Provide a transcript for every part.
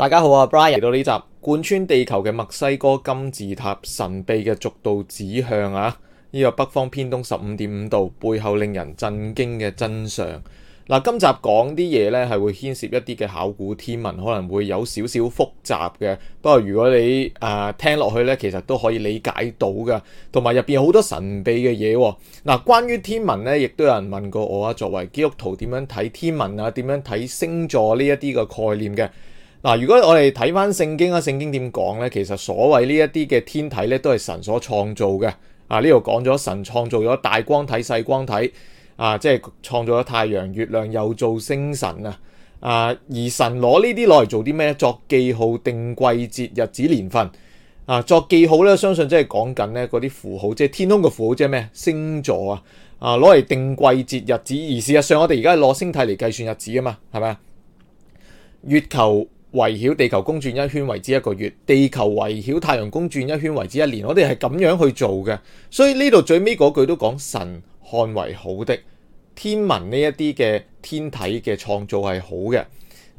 大家好啊，Brian 嚟到呢集貫穿地球嘅墨西哥金字塔神秘嘅軸道指向啊，呢、這個北方偏東十五點五度背後令人震驚嘅真相。嗱、啊，今集講啲嘢呢係會牽涉一啲嘅考古天文，可能會有少少複雜嘅。不過如果你誒、呃、聽落去呢，其實都可以理解到嘅，同埋入邊好多神秘嘅嘢。嗱、啊，關於天文呢，亦都有人問過我啊，作為基督徒點樣睇天文啊，點樣睇星座呢一啲嘅概念嘅。嗱，如果我哋睇翻聖經啊，聖經點講咧？其實所謂呢一啲嘅天體咧，都係神所創造嘅。啊，呢度講咗神創造咗大光體、細光體，啊，即係創造咗太陽、月亮，又造星辰啊。啊，而神攞呢啲攞嚟做啲咩？作記號、定季節、日子、年份。啊，作記號咧，相信即係講緊咧嗰啲符號，即係天空嘅符號，即係咩？星座啊，啊，攞嚟定季節、日子。而事實上，我哋而家係攞星體嚟計算日子啊嘛，係咪啊？月球。圍繞地球公轉一圈為之一個月，地球圍繞太陽公轉一圈為之一年。我哋係咁樣去做嘅，所以呢度最尾嗰句都講神看為好的天文呢一啲嘅天體嘅創造係好嘅，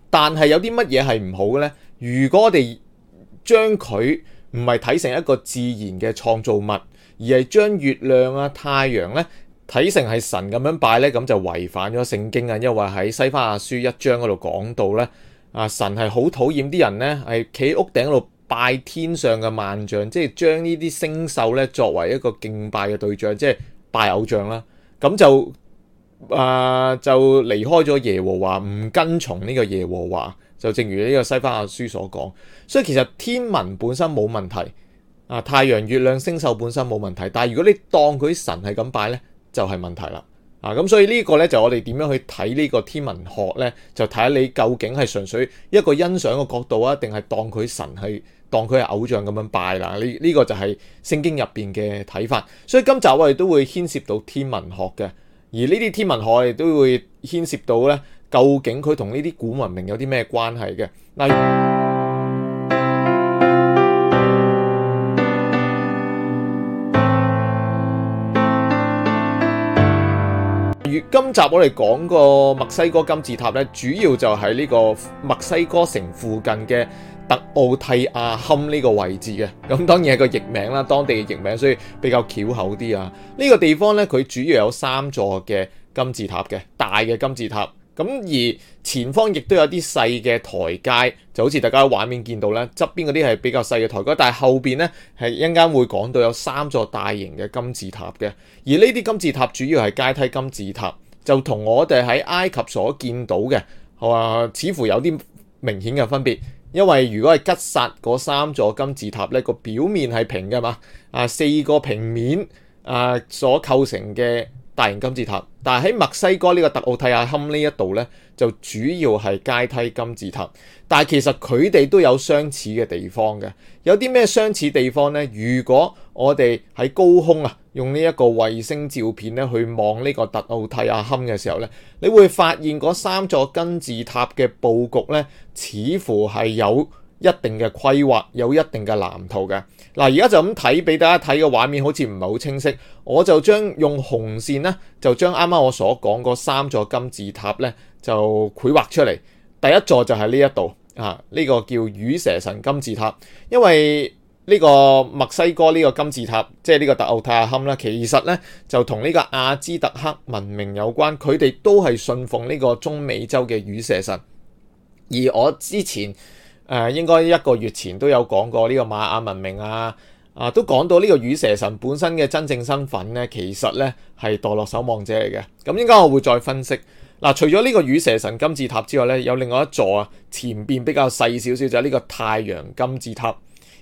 但係有啲乜嘢係唔好嘅呢？如果我哋將佢唔係睇成一個自然嘅創造物，而係將月亮啊、太陽呢睇成係神咁樣拜呢，咁就違反咗聖經啊，因為喺西番亞書一章嗰度講到呢。啊！神係好討厭啲人咧，係企屋頂度拜天上嘅萬象，即係將呢啲星宿咧作為一個敬拜嘅對象，即係拜偶像啦。咁就啊、呃，就離開咗耶和華，唔跟從呢個耶和華。就正如呢個西番雅書所講，所以其實天文本身冇問題啊，太陽、月亮、星宿本身冇問題，但係如果你當佢神係咁拜咧，就係、係、問題啦。啊，咁所以呢個呢，就是、我哋點樣去睇呢個天文學呢？就睇下你究竟係純粹一個欣賞嘅角度啊，定係當佢神係當佢係偶像咁樣拜啦？呢、這、呢個就係聖經入邊嘅睇法。所以今集我哋都會牽涉到天文學嘅，而呢啲天文學我哋都會牽涉到呢，究竟佢同呢啲古文明有啲咩關係嘅？嗱。今集我哋講個墨西哥金字塔呢，主要就喺呢個墨西哥城附近嘅特奧蒂亞坎呢個位置嘅，咁當然係個譯名啦，當地嘅譯名，所以比較巧口啲啊。呢、這個地方呢，佢主要有三座嘅金字塔嘅大嘅金字塔。咁而前方亦都有啲細嘅台階，就好似大家喺畫面見到啦。側邊嗰啲係比較細嘅台階，但係後邊呢，係一陣間會講到有三座大型嘅金字塔嘅。而呢啲金字塔主要係階梯金字塔，就同我哋喺埃及所見到嘅，哇、啊，似乎有啲明顯嘅分別。因為如果係吉薩嗰三座金字塔呢，個表面係平嘅嘛，啊，四個平面啊，所構成嘅。大型金字塔，但係喺墨西哥呢個特奧提亞坎呢一度呢，就主要係階梯金字塔。但係其實佢哋都有相似嘅地方嘅。有啲咩相似地方呢？如果我哋喺高空啊，用呢一個衛星照片咧去望呢個特奧提亞坎嘅時候呢，你會發現嗰三座金字塔嘅佈局呢，似乎係有一定嘅規劃，有一定嘅藍圖嘅。嗱，而家就咁睇俾大家睇嘅畫面，好似唔係好清晰。我就將用紅線呢，就將啱啱我所講嗰三座金字塔呢，就繪畫出嚟。第一座就係呢一度啊，呢個叫羽蛇神金字塔。因為呢個墨西哥呢個金字塔，即係呢個特奧蒂亞坎啦，其實呢就同呢個阿茲特克文明有關，佢哋都係信奉呢個中美洲嘅羽蛇神。而我之前。誒，應該一個月前都有講過呢個瑪雅文明啊，啊都講到呢個羽蛇神本身嘅真正身份咧，其實咧係墮落守望者嚟嘅。咁應該我會再分析。嗱、啊，除咗呢個羽蛇神金字塔之外咧，有另外一座啊，前邊比較細少少就係、是、呢個太陽金字塔，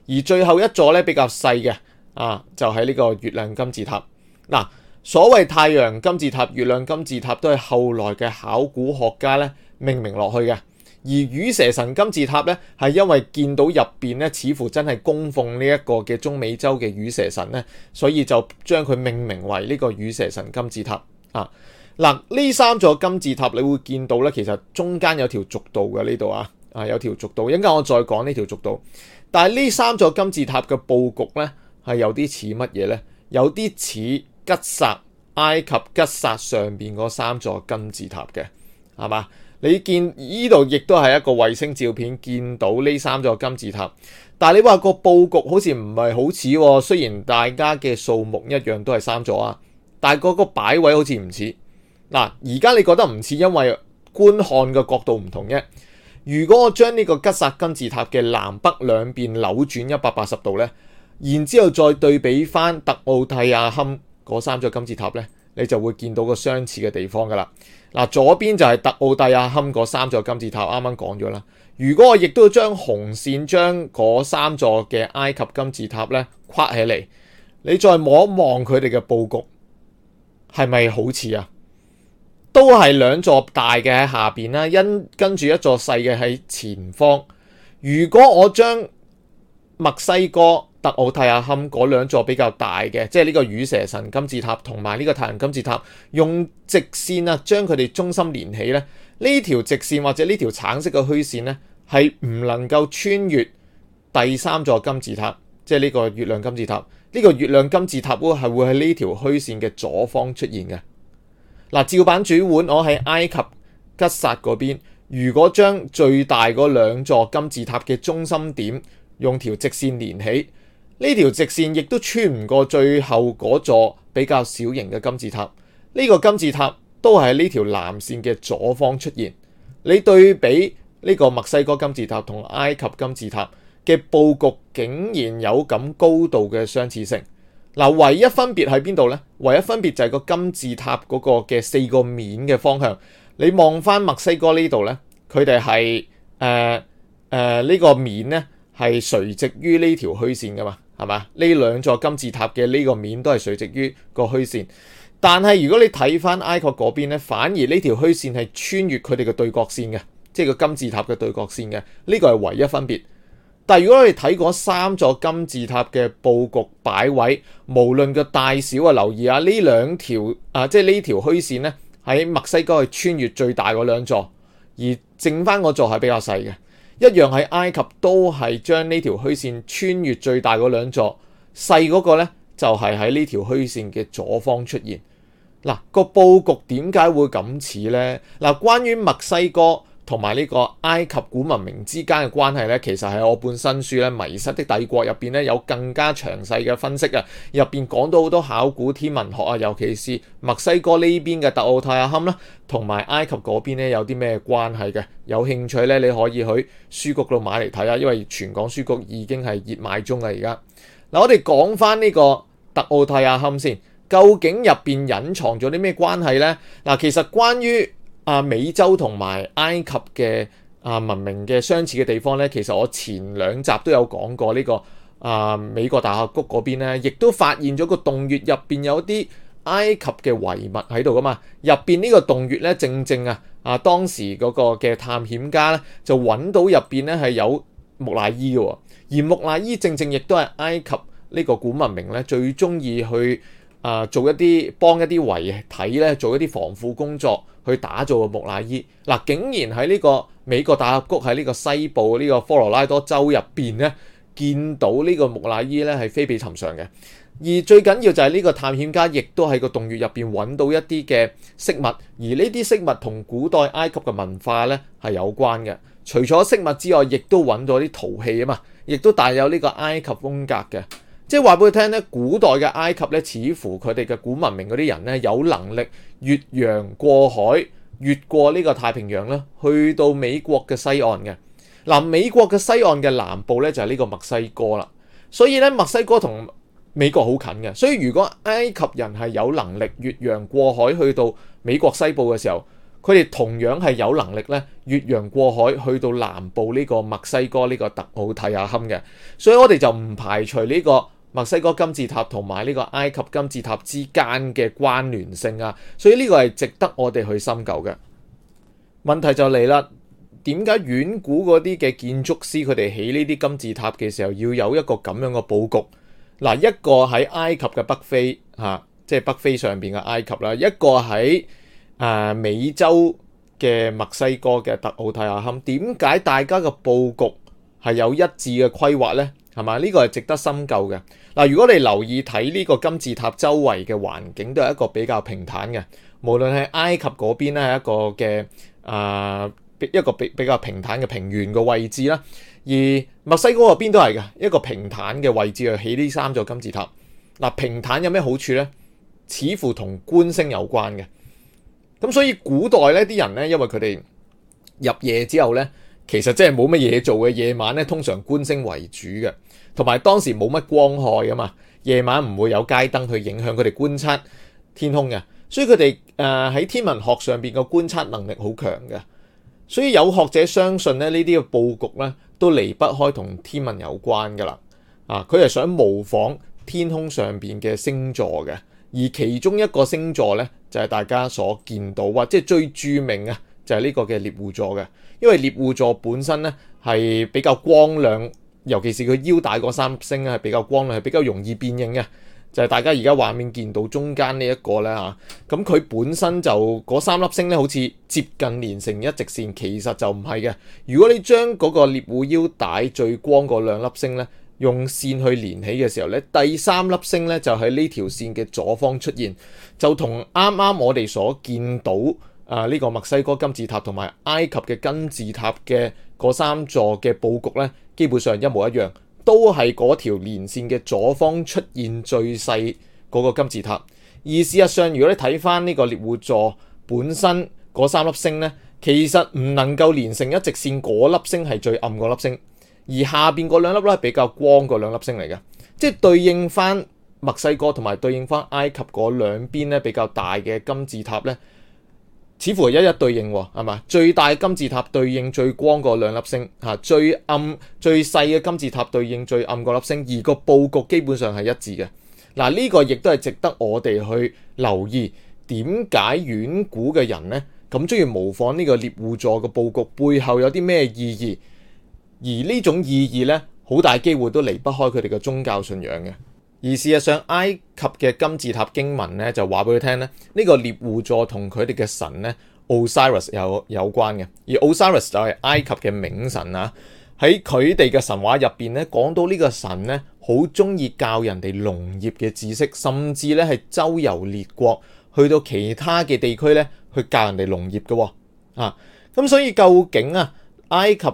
而最後一座咧比較細嘅啊，就係、是、呢個月亮金字塔。嗱、啊，所謂太陽金字塔、月亮金字塔都係後來嘅考古學家咧命名落去嘅。而羽蛇神金字塔咧，係因為見到入邊咧，似乎真係供奉呢一個嘅中美洲嘅羽蛇神咧，所以就將佢命名為呢個羽蛇神金字塔啊！嗱，呢三座金字塔，你會見到咧，其實中間有條軸道嘅。呢度啊，啊有條軸道，一陣間我再講呢條軸道。但係呢三座金字塔嘅佈局咧，係有啲似乜嘢咧？有啲似吉薩埃及吉薩上邊嗰三座金字塔嘅，係嘛？你見依度亦都係一個衛星照片，見到呢三座金字塔。但係你話個佈局好似唔係好似喎，雖然大家嘅數目一樣都係三座啊，但係嗰個擺位好似唔似。嗱，啊，而家你覺得唔似，因為觀看嘅角度唔同啫。如果我將呢個吉薩金字塔嘅南北兩邊扭轉一百八十度呢，然之後再對比翻特奧蒂亞坎嗰三座金字塔呢。你就會見到個相似嘅地方噶啦。嗱，左邊就係特奧蒂亞坎嗰三座金字塔，啱啱講咗啦。如果我亦都將紅線將嗰三座嘅埃及金字塔咧框起嚟，你再望一望佢哋嘅佈局，係咪好似啊？都係兩座大嘅喺下邊啦，因跟住一座細嘅喺前方。如果我將墨西哥特奧蒂亞坎嗰兩座比較大嘅，即係呢個羽蛇神金字塔同埋呢個太陽金字塔，用直線啊將佢哋中心連起呢。呢條直線或者呢條橙色嘅虛線呢，係唔能夠穿越第三座金字塔，即係呢個月亮金字塔。呢、呢個月亮金字塔喎係會喺呢條虛線嘅左方出現嘅。嗱，照板煮碗，我喺埃及吉薩嗰邊，如果將最大嗰兩座金字塔嘅中心點用條直線連起。呢條直線亦都穿唔過最後嗰座比較小型嘅金字塔。呢個金字塔都係喺呢條藍線嘅左方出現。你對比呢個墨西哥金字塔同埃及金字塔嘅佈局，竟然有咁高度嘅相似性。嗱，唯一分別喺邊度呢？唯一分別就係個金字塔嗰個嘅四個面嘅方向。你望翻墨西哥呢度呢，佢哋係誒誒呢個面呢，係垂直於呢條虛線噶嘛。係嘛？呢兩座金字塔嘅呢個面都係垂直於個虛線，但係如果你睇翻埃及嗰邊咧，反而呢條虛線係穿越佢哋嘅對角線嘅，即係個金字塔嘅對角線嘅，呢個係唯一分別。但係如果你睇嗰三座金字塔嘅佈局擺位，無論個大小啊，留意下呢兩條啊，即係呢條虛線呢，喺墨西哥係穿越最大嗰兩座，而剩翻嗰座係比較細嘅。一樣喺埃及都係將呢條虛線穿越最大嗰兩座，細嗰個呢就係喺呢條虛線嘅左方出現。嗱，個佈局點解會咁似呢？嗱，關於墨西哥同埋呢個埃及古文明之間嘅關係呢，其實係我本新書咧《迷失的帝國》入邊咧有更加詳細嘅分析啊，入邊講到好多考古天文學啊，尤其是墨西哥呢邊嘅特奧泰亞坎啦，同埋埃及嗰邊咧有啲咩關係嘅？有興趣咧，你可以去書局度買嚟睇啊，因為全港書局已經係熱賣中啊。而家嗱，我哋講翻呢個特奧泰亞坎先，究竟入邊隱藏咗啲咩關係呢？嗱，其實關於啊，美洲同埋埃及嘅啊文明嘅相似嘅地方呢，其實我前兩集都有講過呢個啊美國大峽谷嗰邊咧，亦都發現咗個洞穴入邊有啲埃及嘅遺物喺度噶嘛。入邊呢個洞穴呢，正正啊啊當時嗰個嘅探險家呢，就揾到入邊呢係有木乃伊嘅，而木乃伊正正亦都係埃及呢個古文明呢，最中意去啊做一啲幫一啲遺體呢，做一啲防腐工作。去打造個木乃伊嗱、啊，竟然喺呢個美國大峽谷喺呢個西部呢、呢個科羅拉多州入邊呢，見到呢個木乃伊呢，係非比尋常嘅。而最緊要就係呢個探險家亦都喺個洞穴入邊揾到一啲嘅飾物，而呢啲飾物同古代埃及嘅文化呢係有關嘅。除咗飾物之外，亦都揾到啲陶器啊嘛，亦都帶有呢個埃及風格嘅。即係話俾佢聽咧，古代嘅埃及咧，似乎佢哋嘅古文明嗰啲人咧，有能力越洋過海，越過呢個太平洋咧，去到美國嘅西岸嘅。嗱、啊，美國嘅西岸嘅南部咧，就係呢個墨西哥啦。所以咧，墨西哥同美國好近嘅。所以如果埃及人係有能力越洋過海去到美國西部嘅時候，佢哋同樣係有能力咧，越洋過海去到南部呢個墨西哥呢、這個特奧提亞坎嘅。所以我哋就唔排除呢、這個。墨西哥金字塔同埋呢個埃及金字塔之間嘅關聯性啊，所以呢個係值得我哋去深究嘅。問題就嚟啦，點解遠古嗰啲嘅建築師佢哋起呢啲金字塔嘅時候要有一個咁樣嘅佈局？嗱、啊，一個喺埃及嘅北非嚇、啊，即係北非上邊嘅埃及啦，一個喺誒、呃、美洲嘅墨西哥嘅特奧提亞坎。點解大家嘅佈局？係有一致嘅規劃咧，係嘛？呢、這個係值得深究嘅。嗱，如果你留意睇呢個金字塔周圍嘅環境，都係一個比較平坦嘅。無論係埃及嗰邊咧，係一個嘅啊、呃，一個比比較平坦嘅平原嘅位置啦。而墨西哥嗰邊都係嘅，一個平坦嘅位置去起呢三座金字塔。嗱，平坦有咩好處咧？似乎同觀星有關嘅。咁所以古代咧，啲人咧，因為佢哋入夜之後咧。其實真係冇乜嘢做嘅夜晚咧，通常觀星為主嘅，同埋當時冇乜光害啊嘛，夜晚唔會有街燈去影響佢哋觀測天空嘅，所以佢哋誒喺天文學上邊嘅觀測能力好強嘅，所以有學者相信咧呢啲嘅佈局咧都離不開同天文有關噶啦，啊，佢係想模仿天空上邊嘅星座嘅，而其中一個星座咧就係、是、大家所見到或者係最著名啊！就係呢個嘅獵戶座嘅，因為獵戶座本身呢係比較光亮，尤其是佢腰帶嗰三粒星呢係比較光亮，係比較容易辨認嘅。就係大家而家畫面見到中間呢一個呢嚇，咁佢本身就嗰三粒星呢好似接近連成一直線，其實就唔係嘅。如果你將嗰個獵戶腰帶最光嗰兩粒星呢用線去連起嘅時候呢，第三粒星呢就喺呢條線嘅左方出現，就同啱啱我哋所見到。啊！呢、這個墨西哥金字塔同埋埃及嘅金字塔嘅嗰三座嘅佈局呢，基本上一模一樣，都係嗰條連線嘅左方出現最細嗰個金字塔。而事實上，如果你睇翻呢個獵戶座本身嗰三粒星呢，其實唔能夠連成一直線，嗰粒星係最暗嗰粒星，而下邊嗰兩粒呢，比較光嗰兩粒星嚟嘅，即係對應翻墨西哥同埋對應翻埃及嗰兩邊呢比較大嘅金字塔呢。似乎係一一對應，係嘛？最大金字塔對應最光嗰兩粒星。嚇最暗最細嘅金字塔對應最暗嗰粒星，而個佈局基本上係一致嘅。嗱，呢個亦都係值得我哋去留意。點解遠古嘅人呢，咁中意模仿呢個獵戶座嘅佈局？背後有啲咩意義？而呢種意義呢，好大機會都離不開佢哋嘅宗教信仰嘅。而事實上，埃及嘅金字塔經文咧就話俾佢聽咧，呢個獵戶座同佢哋嘅神咧 Osiris 有有關嘅，而 Osiris 就係埃及嘅冥神啊。喺佢哋嘅神話入邊咧，講到呢個神咧好中意教人哋農業嘅知識，甚至咧係周遊列國，去到其他嘅地區咧去教人哋農業嘅、哦。啊，咁所以究竟啊，埃及？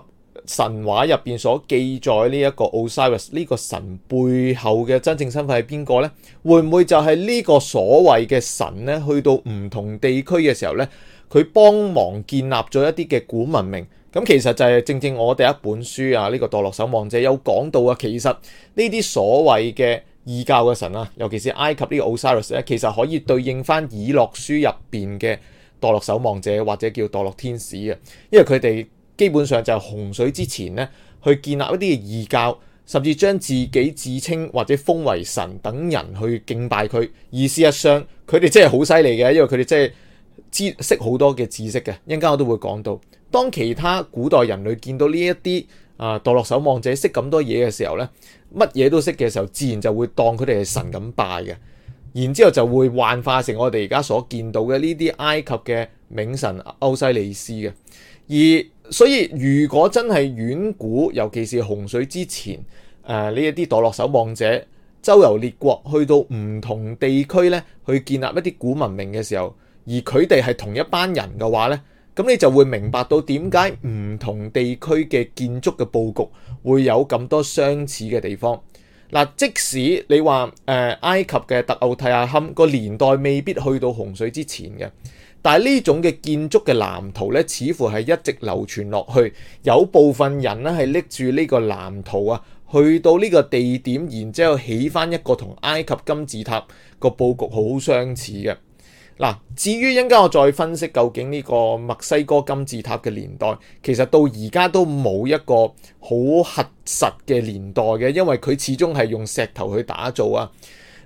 神話入邊所記載呢一個奧西里斯呢個神背後嘅真正身份係邊個呢？會唔會就係呢個所謂嘅神呢？去到唔同地區嘅時候呢，佢幫忙建立咗一啲嘅古文明。咁其實就係正正我第一本書啊，呢個墮落守望者有講到啊。其實呢啲所謂嘅異教嘅神啊，尤其是埃及個呢個奧西里斯咧，其實可以對應翻《以諾書》入邊嘅墮落守望者或者叫墮落天使啊，因為佢哋。基本上就係洪水之前咧，去建立一啲嘅異教，甚至將自己自稱或者封為神等人去敬拜佢。意思一相，佢哋真係好犀利嘅，因為佢哋真係知識好多嘅知識嘅。一陣間我都會講到，當其他古代人類見到呢一啲啊墮落守望者識咁多嘢嘅時候咧，乜嘢都識嘅時候，自然就會當佢哋係神咁拜嘅，然之後就會幻化成我哋而家所見到嘅呢啲埃及嘅冥神歐西利斯嘅，而所以如果真係遠古，尤其是洪水之前，誒呢一啲墮落守望者周遊列國，去到唔同地區咧，去建立一啲古文明嘅時候，而佢哋係同一班人嘅話咧，咁你就會明白到點解唔同地區嘅建築嘅佈局會有咁多相似嘅地方。嗱、呃，即使你話誒、呃、埃及嘅特奧提亞坎個年代未必去到洪水之前嘅。但係呢種嘅建築嘅藍圖呢，似乎係一直流傳落去，有部分人咧係拎住呢個藍圖啊，去到呢個地點，然之後起翻一個同埃及金字塔個佈局好相似嘅。嗱、啊，至於一陣間我再分析究竟呢個墨西哥金字塔嘅年代，其實到而家都冇一個好核實嘅年代嘅，因為佢始終係用石頭去打造啊。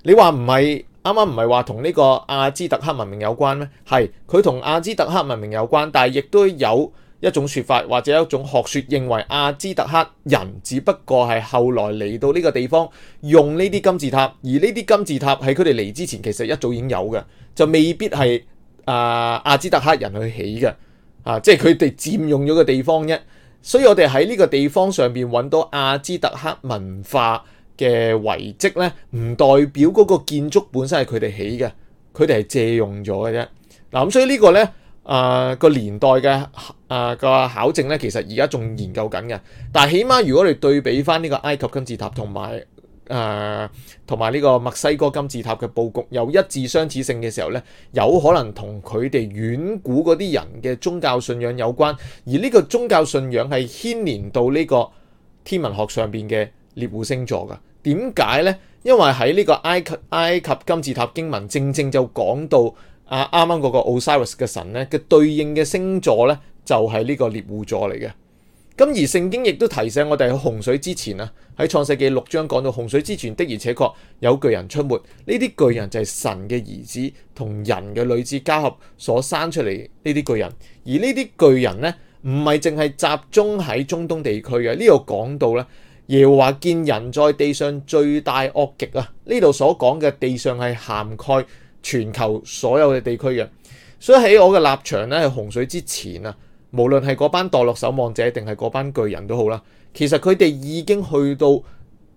你話唔係？啱啱唔係話同呢個阿茲特克文明有關咩？係佢同阿茲特克文明有關，但係亦都有一種説法或者一種學説認為阿茲特克人只不過係後來嚟到呢個地方用呢啲金字塔，而呢啲金字塔喺佢哋嚟之前其實一早已經有嘅，就未必係啊阿茲特克人去起嘅啊，即係佢哋佔用咗個地方啫。所以我哋喺呢個地方上邊揾到阿茲特克文化嘅遺跡咧，唔代表嗰個建築本身係佢哋起嘅，佢哋係借用咗嘅啫。嗱咁所以個呢個咧，啊、呃這個年代嘅啊、呃這個考證咧，其實而家仲研究緊嘅。但係起碼如果你對比翻呢個埃及金字塔同埋誒同埋呢個墨西哥金字塔嘅佈局有一致相似性嘅時候咧，有可能同佢哋遠古嗰啲人嘅宗教信仰有關，而呢個宗教信仰係牽連到呢個天文學上邊嘅獵戶星座㗎。點解呢？因為喺呢個埃及埃及金字塔經文正正就講到啊，啱啱嗰個 Osiris 嘅神呢，嘅對應嘅星座呢，就係呢個獵戶座嚟嘅。咁而聖經亦都提醒我哋，洪水之前啊，喺創世紀六章講到洪水之前的而且確有巨人出沒。呢啲巨人就係神嘅兒子同人嘅女子交合所生出嚟呢啲巨人。而呢啲巨人呢，唔係淨係集中喺中東地區嘅。呢度講到呢。耶和華見人在地上罪大惡極啊！呢度所講嘅地上係涵蓋全球所有嘅地區嘅，所以喺我嘅立場咧，洪水之前啊，無論係嗰班墮落守望者定係嗰班巨人都好啦，其實佢哋已經去到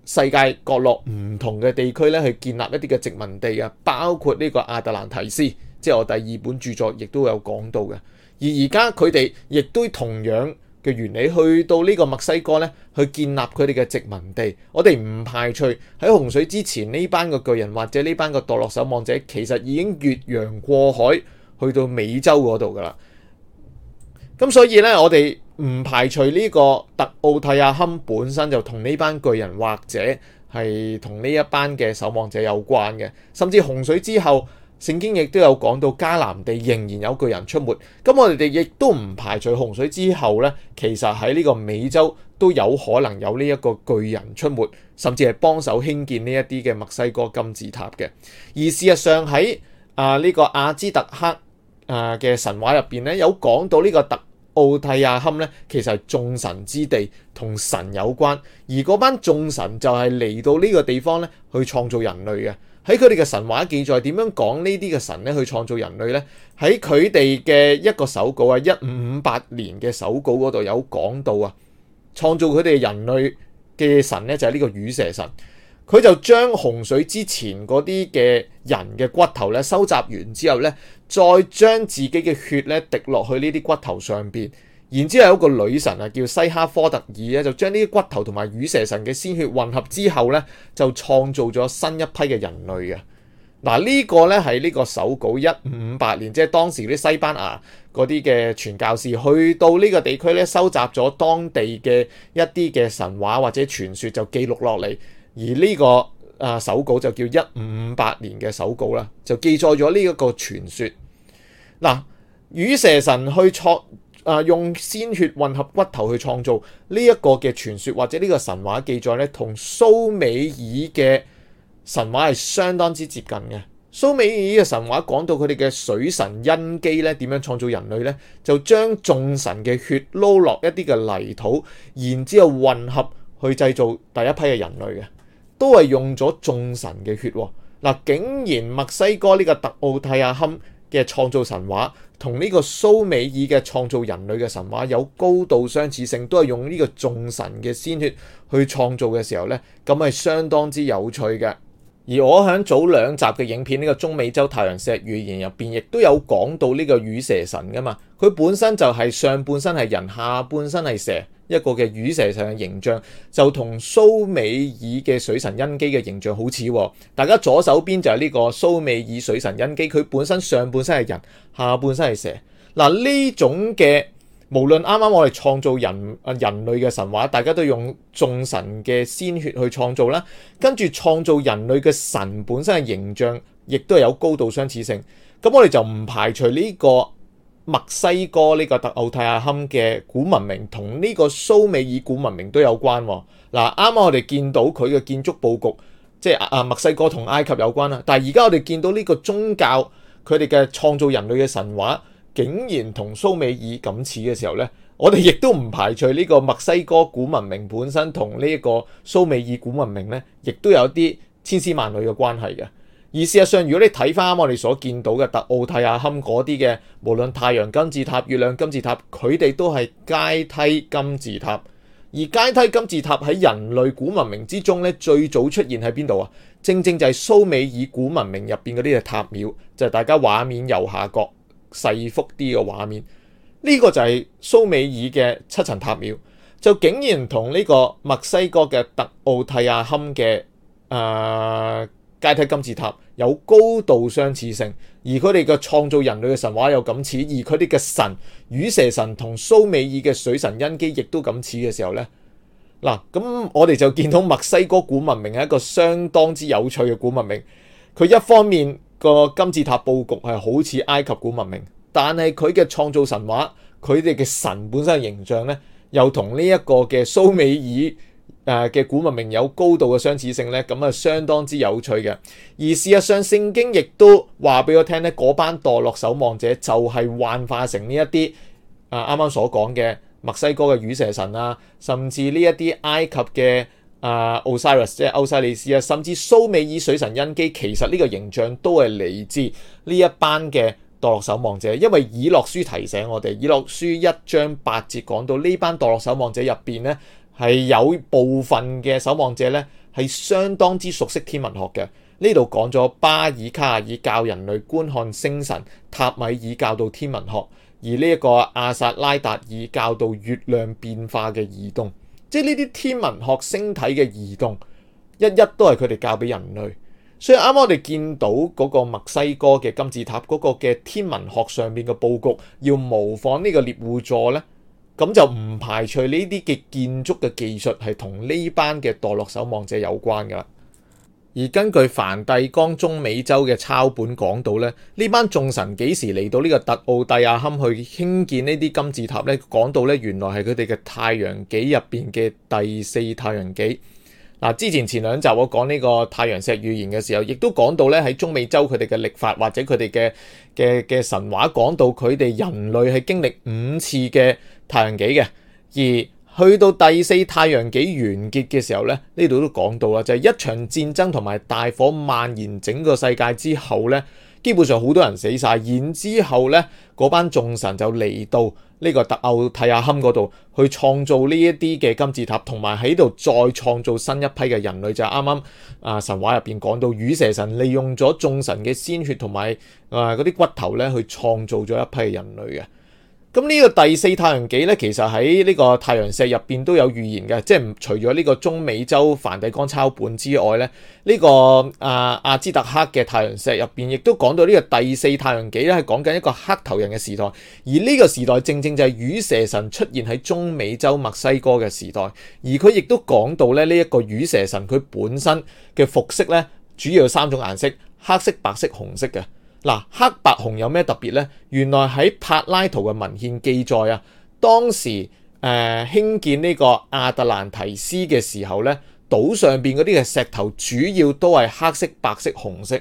世界各角落唔同嘅地區咧，去建立一啲嘅殖民地啊，包括呢個亞特蘭提斯，即係我第二本著作亦都有講到嘅。而而家佢哋亦都同樣。嘅原理去到呢個墨西哥咧，去建立佢哋嘅殖民地。我哋唔排除喺洪水之前呢班嘅巨人或者呢班嘅墮落守望者，其實已經越洋過海去到美洲嗰度㗎喇。咁所以咧，我哋唔排除呢個特奧蒂亞坎本身就同呢班巨人或者係同呢一班嘅守望者有關嘅，甚至洪水之後。聖經亦都有講到迦南地仍然有巨人出沒，咁我哋哋亦都唔排除洪水之後呢，其實喺呢個美洲都有可能有呢一個巨人出沒，甚至係幫手興建呢一啲嘅墨西哥金字塔嘅。而事實上喺啊呢個阿茲特克啊嘅，呃，神話入邊呢，有講到呢個特奧蒂亞坎呢，其實係眾神之地，同神有關，而嗰班眾神就係嚟到呢個地方呢，去創造人類嘅。喺佢哋嘅神話記載，點樣講呢啲嘅神咧去創造人類呢？喺佢哋嘅一個手稿啊，一五五八年嘅手稿嗰度有講到啊，創造佢哋人類嘅神呢，就係呢個羽蛇神，佢就將洪水之前嗰啲嘅人嘅骨頭咧收集完之後呢，再將自己嘅血呢滴落去呢啲骨頭上邊。然之後有一個女神啊，叫西哈科特爾咧，就將呢啲骨頭同埋羽蛇神嘅鮮血混合之後咧，就創造咗新一批嘅人類啊。嗱，呢個咧係呢個手稿一五五八年，即係當時啲西班牙嗰啲嘅傳教士去到呢個地區咧，收集咗當地嘅一啲嘅神話或者傳說，就記錄落嚟。而呢個啊手稿就叫一五五八年嘅手稿啦，就記載咗呢一個傳說。嗱，羽蛇神去創。啊！用鮮血混合骨頭去創造呢一、這個嘅傳說，或者呢個神話記載咧，同蘇美爾嘅神話係相當之接近嘅。蘇美爾嘅神話講到佢哋嘅水神恩基咧，點樣創造人類咧？就將眾神嘅血撈落一啲嘅泥土，然之後混合去製造第一批嘅人類嘅，都係用咗眾神嘅血、哦。嗱、啊，竟然墨西哥呢個特奧蒂亞坎嘅創造神話同呢個蘇美爾嘅創造人類嘅神話有高度相似性，都係用呢個眾神嘅鮮血去創造嘅時候呢，咁係相當之有趣嘅。而我喺早兩集嘅影片《呢個中美洲太陽石預言》入邊，亦都有講到呢個羽蛇神噶嘛，佢本身就係上半身係人，下半身係蛇。一個嘅羽蛇神嘅形象就同蘇美爾嘅水神恩基嘅形象好似、哦，大家左手邊就係呢個蘇美爾水神恩基，佢本身上半身係人，下半身係蛇。嗱、啊、呢種嘅無論啱啱我哋創造人啊人類嘅神話，大家都用眾神嘅鮮血去創造啦，跟住創造人類嘅神本身嘅形象，亦都有高度相似性。咁我哋就唔排除呢、這個。墨西哥呢個特奧提亞坎嘅古文明同呢個蘇美爾古文明都有關喎、哦。嗱，啱啱我哋見到佢嘅建築佈局，即係啊墨西哥同埃及有關啦。但係而家我哋見到呢個宗教佢哋嘅創造人類嘅神話，竟然同蘇美爾咁似嘅時候咧，我哋亦都唔排除呢個墨西哥古文明本身同呢一個蘇美爾古文明咧，亦都有啲千絲萬縷嘅關係嘅。而事實上，如果你睇翻我哋所見到嘅特奧提亞坎嗰啲嘅，無論太陽金字塔、月亮金字塔，佢哋都係階梯金字塔。而階梯金字塔喺人類古文明之中咧，最早出現喺邊度啊？正正就係蘇美爾古文明入邊嗰啲嘅塔廟，就係大家畫面右下角細幅啲嘅畫面，呢個就係蘇美爾嘅七層塔廟，就竟然同呢個墨西哥嘅特奧提亞坎嘅誒，呃階梯金字塔有高度相似性，而佢哋嘅創造人類嘅神話又咁似，而佢哋嘅神羽蛇神同蘇美爾嘅水神恩基亦都咁似嘅時候呢。嗱，咁我哋就見到墨西哥古文明係一個相當之有趣嘅古文明。佢一方面個金字塔布局係好似埃及古文明，但係佢嘅創造神話，佢哋嘅神本身嘅形象呢，又同呢一個嘅蘇美爾。誒嘅古文明有高度嘅相似性咧，咁啊相當之有趣嘅。而事實上，聖經亦都話俾我聽咧，嗰班墮落守望者就係幻化成呢一啲啊啱啱所講嘅墨西哥嘅羽蛇神啊，甚至呢一啲埃及嘅啊奧西里斯即係歐西利斯啊，甚至蘇美爾水神恩基，其實呢個形象都係嚟自呢一班嘅墮落守望者，因為以諾書提醒我哋，以諾書一章八節講到呢班墮落守望者入邊咧。係有部分嘅守望者咧，係相當之熟悉天文學嘅。呢度講咗巴爾卡爾教人類觀看星辰，塔米爾教到天文學，而呢一個亞薩拉達爾教到月亮變化嘅移動，即係呢啲天文學星體嘅移動，一一都係佢哋教俾人類。所以啱啱我哋見到嗰個墨西哥嘅金字塔嗰個嘅天文學上面嘅佈局，要模仿呢個獵戶座咧。咁就唔排除呢啲嘅建築嘅技術係同呢班嘅墮落守望者有關噶啦。而根據梵蒂岡中美洲嘅抄本講到咧，呢班眾神幾時嚟到呢個特奧蒂亞坎去興建呢啲金字塔咧？講到咧，原來係佢哋嘅太陽紀入邊嘅第四太陽紀嗱。之前前兩集我講呢個太陽石預言嘅時候，亦都講到咧，喺中美洲佢哋嘅歷法或者佢哋嘅嘅嘅神話講到佢哋人類係經歷五次嘅。太陽紀嘅，而去到第四太陽紀完結嘅時候咧，呢度都講到啦，就係一場戰爭同埋大火蔓延整個世界之後咧，基本上好多人死晒，然之後咧，嗰班眾神就嚟到呢個特奧提亞坎嗰度去創造呢一啲嘅金字塔，同埋喺度再創造新一批嘅人類，就係啱啱啊神話入邊講到，羽蛇神利用咗眾神嘅鮮血同埋啊嗰啲骨頭咧，去創造咗一批人類嘅。咁呢個第四太陽紀咧，其實喺呢個太陽石入邊都有預言嘅，即係除咗呢個中美洲梵蒂岡抄本之外咧，呢、這個、呃、阿阿茲特克嘅太陽石入邊亦都講到呢個第四太陽紀咧，係講緊一個黑頭人嘅時代，而呢個時代正正就係羽蛇神出現喺中美洲墨西哥嘅時代，而佢亦都講到咧呢一、這個羽蛇神佢本身嘅服飾咧，主要有三種顏色：黑色、白色、紅色嘅。嗱，黑白紅有咩特別呢？原來喺柏拉圖嘅文獻記載啊，當時誒、呃、興建呢個亞特蘭提斯嘅時候呢，島上邊嗰啲嘅石頭主要都係黑色、白色、紅色。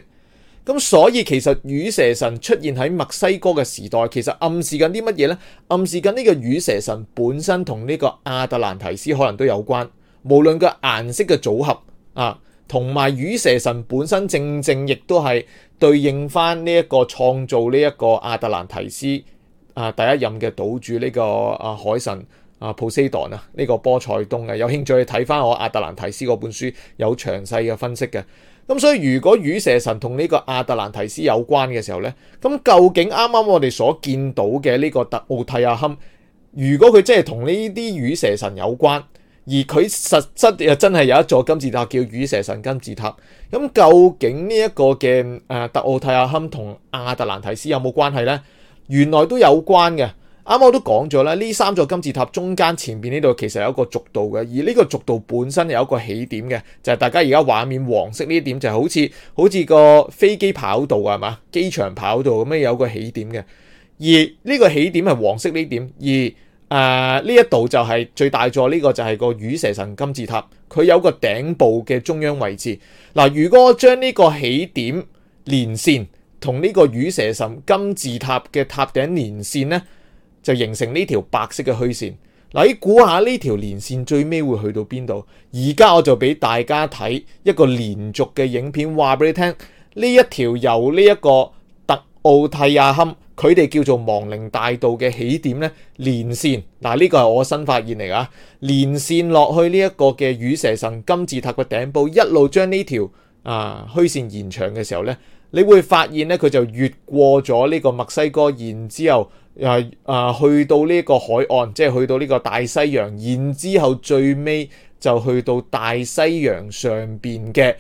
咁所以其實羽蛇神出現喺墨西哥嘅時代，其實暗示緊啲乜嘢呢？暗示緊呢個羽蛇神本身同呢個亞特蘭提斯可能都有關。無論個顏色嘅組合啊，同埋羽蛇神本身正正亦都係。對應翻呢一個創造呢一個亞特蘭提斯啊，第一任嘅島主，呢個啊海神啊 Poseidon 啊呢個波塞冬啊，有興趣去睇翻我《亞特蘭提斯》嗰本書有詳細嘅分析嘅。咁所以如果羽蛇神同呢個亞特蘭提斯有關嘅時候呢，咁究竟啱啱我哋所見到嘅呢個特奧蒂亞坎，如果佢真係同呢啲羽蛇神有關？而佢實質又真係有一座金字塔叫羽蛇神金字塔。咁究竟呢一個嘅誒、呃、特奧提亞坎同亞特蘭提斯有冇關係呢？原來都有關嘅。啱啱我都講咗喇，呢三座金字塔中間前邊呢度其實有一個軸道嘅，而呢個軸道本身有一個起點嘅，就係、是、大家而家畫面黃色呢一點，就係、是、好似好似個飛機跑道係嘛，機場跑道咁樣有個起點嘅。而呢個起點係黃色呢點，而誒呢一度就係、是、最大座，呢個就係個羽蛇神金字塔，佢有個頂部嘅中央位置。嗱、呃，如果我將呢個起點連線同呢個羽蛇神金字塔嘅塔頂連線呢，就形成呢條白色嘅虛線。呃、你估下呢條連線最尾會去到邊度？而家我就俾大家睇一個連續嘅影片，話俾你聽，呢一條由呢一個特奧蒂亞坎。佢哋叫做亡靈大道嘅起點咧，連線。嗱、呢個係我新發現嚟啊！連線落去呢一個嘅羽蛇神金字塔嘅頂部，一路將呢條啊虛線延長嘅時候咧，你會發現咧佢就越過咗呢個墨西哥，然之後啊、啊去到呢個海岸，即係去到呢個大西洋，然之後最尾就去到大西洋上邊嘅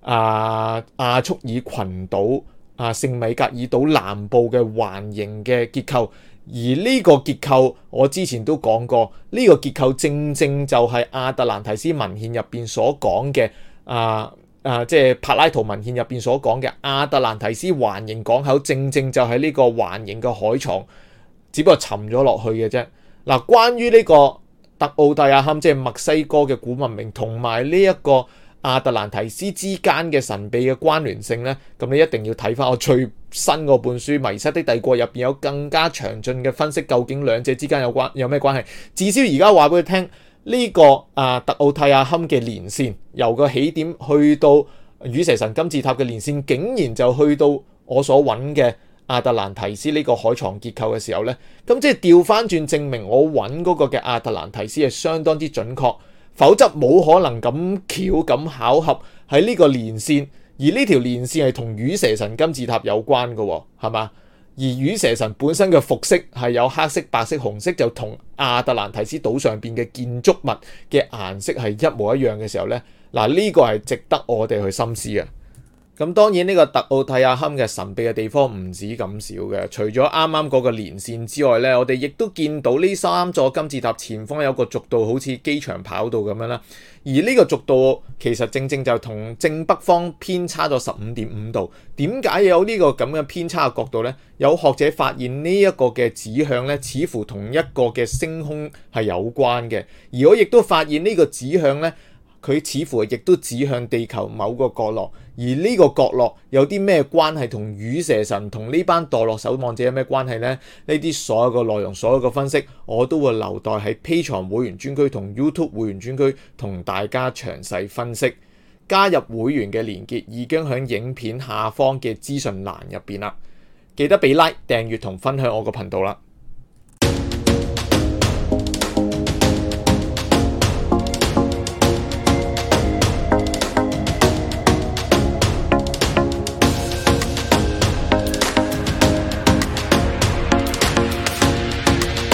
啊亞速爾群島。啊，聖米格爾島南部嘅環形嘅結構，而呢個結構我之前都講過，呢、這個結構正正就係亞特蘭提斯文獻入邊所講嘅啊啊，即、啊、係、就是、柏拉圖文獻入邊所講嘅亞特蘭提斯環形港口，正正就係呢個環形嘅海床，只不過沉咗落去嘅啫。嗱、啊，關於呢、這個特奧蒂亞坎，即、就、係、是、墨西哥嘅古文明，同埋呢一個，阿特蘭提斯之間嘅神秘嘅關聯性呢，咁你一定要睇翻我最新嗰本書《迷失的帝國》入邊有更加詳盡嘅分析，究竟兩者之間有關有咩關係？至少而家話俾你聽，呢個啊特奧蒂亞坎嘅連線，由個起點去到羽蛇神金字塔嘅連線，竟然就去到我所揾嘅阿特蘭提斯呢個海床結構嘅時候呢。咁即係調翻轉證明我揾嗰個嘅阿特蘭提斯係相當之準確。否則冇可能咁巧咁巧合喺呢個連線，而呢條連線係同羽蛇神金字塔有關嘅，係嘛？而羽蛇神本身嘅服飾係有黑色、白色、紅色，就同亞特蘭提斯島上邊嘅建築物嘅顏色係一模一樣嘅時候呢。嗱，呢個係值得我哋去深思嘅。咁當然呢個特奧蒂亞坎嘅神秘嘅地方唔止咁少嘅，除咗啱啱嗰個連線之外呢，我哋亦都見到呢三座金字塔前方有個軸道，好似機場跑道咁樣啦。而呢個軸道其實正正就同正北方偏差咗十五點五度。點解有呢個咁嘅偏差角度呢？有學者發現呢一個嘅指向呢，似乎同一個嘅星空係有關嘅。而我亦都發現呢個指向呢，佢似乎亦都指向地球某個角落。而呢個角落有啲咩關係？同羽蛇神同呢班墮落守望者有咩關係呢？呢啲所有嘅內容，所有嘅分析，我都會留待喺 Patreon 會員專區同 YouTube 會員專區同大家詳細分析。加入會員嘅連結已經喺影片下方嘅資訊欄入邊啦。記得俾 like、訂閱同分享我個頻道啦。